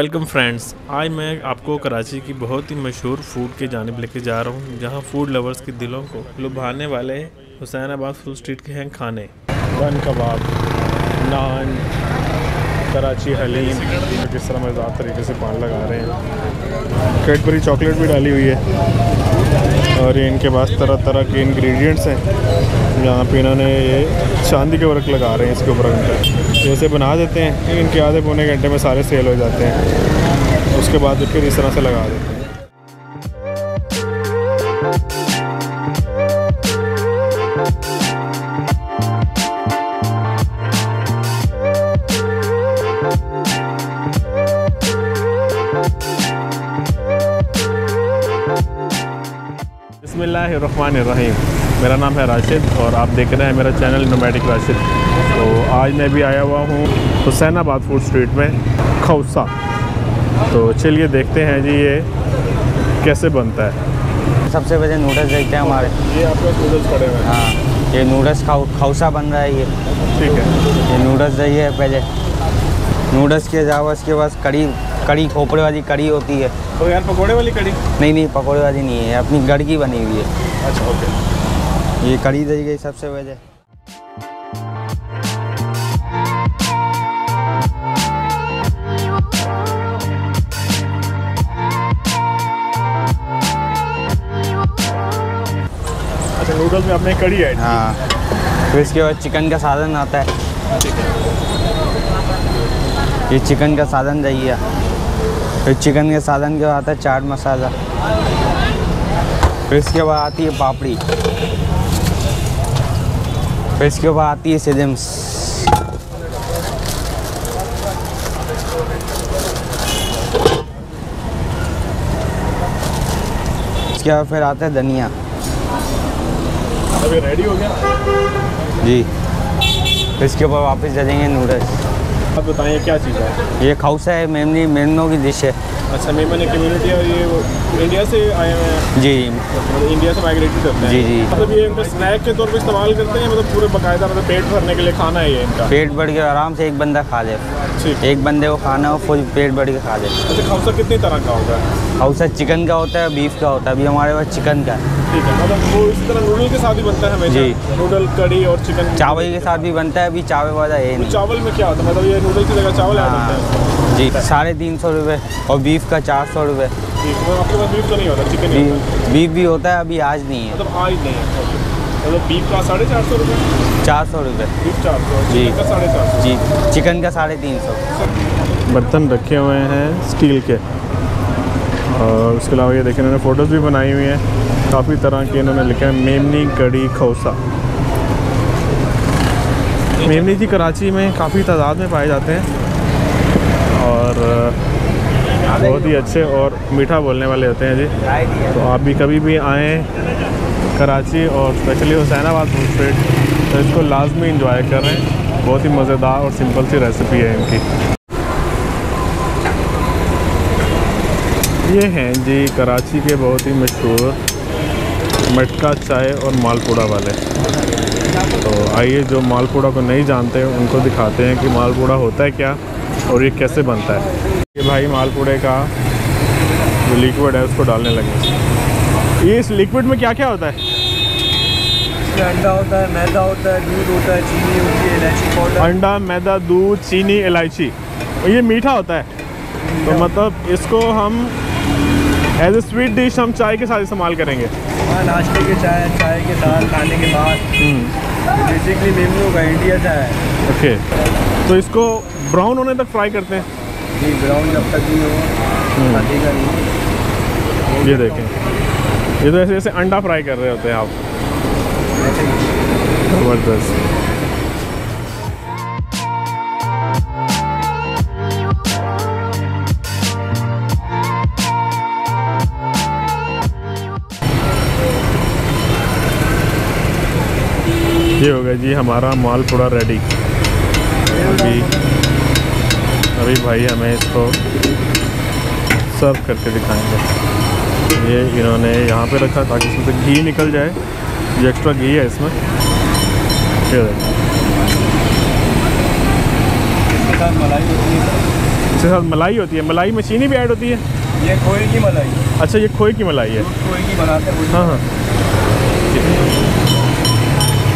Welcome friends आज मैं आपको कराची की बहुत ही मशहूर फूड की जानब लेके जा रहा हूँ जहाँ फूड लवर्स के दिलों को लुभाने वाले हुसैन आबाद फूड स्ट्रीट के हैं खाने वन कबाब नान कराची हलीम तो किस तरह मज़ेदार तरीके से पान लगा रहे हैं कैडबरी चॉकलेट भी डाली हुई है और ये इनके पास तरह तरह के इंग्रेडिएंट्स हैं यहाँ पे इन्होंने ये चांदी के वर्क लगा रहे हैं इसके ऊपर अंदर जैसे बना देते हैं इनके आधे पौने घंटे में सारे सेल हो जाते हैं उसके बाद फिर इस तरह से लगा देते हैं बिस्मिल्लाहिर्रहमानिर्रहीम मेरा नाम है राशिद और आप देख रहे हैं मेरा चैनल नोमैटिक राशिद तो आज मैं भी आया हुआ हूँ हुसैनाबाद फूड स्ट्रीट में खौसा तो चलिए देखते हैं जी ये कैसे बनता है सबसे पहले नूडल्स देखते हैं हमारे ये आपके नूडल्स हैं हाँ ये नूडल्स खौसा बन रहा है ये ठीक है ये नूडल्स चाहिए पहले नूडल्स के अलावा इसके पास कड़ी कड़ी खोपड़े वाली कड़ी होती है तो यार पकोड़े वाली कड़ी नहीं नहीं पकोड़े वाली नहीं है अपनी गढ़ की बनी हुई है अच्छा ओके ये कड़ी दी गई सबसे वजह अच्छा, नूडल्स में अपने कड़ी है हाँ तो इसके बाद चिकन का साधन आता है ये चिकन का साधन चाहिए फिर चिकन के साधन के बाद आता है चाट मसाला फिर इसके बाद आती है पापड़ी फिर इसके बाद आती है सिजम्स इसके बाद फिर आता है धनिया अभी रेडी हो गया जी इसके ऊपर वापस जाएंगे नूडल्स आप बताएं क्या चीज़ है ये खाउसा है मेमनी मेमनों की डिश है अच्छा कम्युनिटी और ये वो इंडिया से आए हुए हैं जी मतलब इंडिया से माइग्रेटेड करते हैं जी जी मतलब ये स्नैक के तौर पे इस्तेमाल करते हैं मतलब पूरे बकायदा मतलब पेट भरने के लिए खाना है ये इनका पेट बढ़ के आराम से एक बंदा खा ले एक बंदे को खाना हो फुल पेट बढ़ के खा ले अच्छा खाउसा कितनी तरह का होगा हाउसा चिकन का होता है बीफ का होता है अभी हमारे पास चिकन का ठीक है नूडल मतलब के साथ बनता है जी नूडल कड़ी और चिकन चावल के साथ भी बनता है अभी चावल वाला है चावल में क्या होता है मतलब ये नूडल की जगह चावल आ जाता हाँ। है जी साढ़े तीन सौ रुपये और बीफ का चार सौ रुपये तो बीफ भी होता है अभी आज नहीं है मतलब आज नहीं है मतलब बीफ का साढ़े चार सौ रुपये चार सौ रुपये जी जी चिकन का साढ़े तीन सौ बर्तन रखे हुए हैं स्टील के और उसके अलावा ये देखें इन्होंने फ़ोटोज़ भी बनाई हुई हैं काफ़ी तरह के इन्होंने लिखा है मेमनी कड़ी खौसा मेमनी जी कराची में काफ़ी तादाद में पाए जाते हैं और बहुत ही अच्छे और मीठा बोलने वाले होते हैं जी तो आप भी कभी भी आएँ कराची और स्पेशली हुसैनाबाद फूड स्ट्रीट तो इसको लाजमी इंजॉय करें बहुत ही मज़ेदार और सिंपल सी रेसिपी है इनकी ये हैं जी कराची के बहुत ही मशहूर मटका चाय और मालपूड़ा वाले तो आइए जो मालपूड़ा को नहीं जानते उनको दिखाते हैं कि मालपूड़ा होता है क्या और ये कैसे बनता है ये भाई मालपूड़े का जो लिक्विड है उसको डालने लगे ये इस लिक्विड में क्या क्या होता है अंडा होता है मैदा होता है दूध होता है चीनी होती है इलायची पाउडर अंडा मैदा दूध चीनी इलायची ये मीठा होता है तो मतलब इसको हम एज ए स्वीट डिश हम चाय के साथ इस्तेमाल करेंगे हाँ, नाश्ते के चाय चाय के साथ खाने के बाद बेसिकली मेमू का इंडिया चाय ओके okay. तो इसको ब्राउन होने तक फ्राई करते हैं जी ब्राउन जब तक हम्म। नहीं हो ये देखें ये तो ऐसे ऐसे अंडा फ्राई कर रहे होते हैं आप ज़बरदस्त ये हो गया जी हमारा माल पूरा रेडी होगी अभी भाई हमें इसको सर्व करके दिखाएंगे ये इन्होंने यहाँ पे रखा ताकि इसमें से घी निकल जाए ये एक्स्ट्रा घी है इसमें इसके साथ मलाई होती है मलाई मशीन ही भी ऐड होती है ये खोए की मलाई अच्छा ये खोए की मलाई है खोए की बनाते हैं हाँ हाँ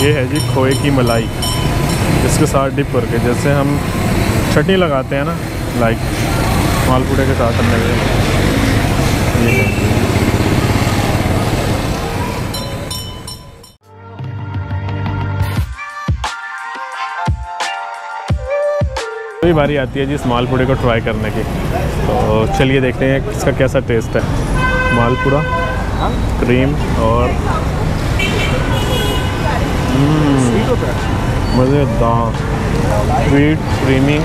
ये है जी खोए की मलाई इसके साथ डिप करके जैसे हम चटनी लगाते हैं ना लाइक मालपूड़े के साथ हमने ये बारी आती है जी इस मालपूड़े को ट्राई करने की तो चलिए देखते हैं इसका कैसा टेस्ट है मालपूड़ा क्रीम हाँ। और मज़ेदार स्वीट क्रीमी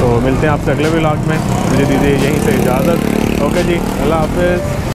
तो मिलते हैं आपसे अगले ब्लॉग में मुझे दीजिए यहीं से इजाज़त ओके जी अल्लाह हाफिज़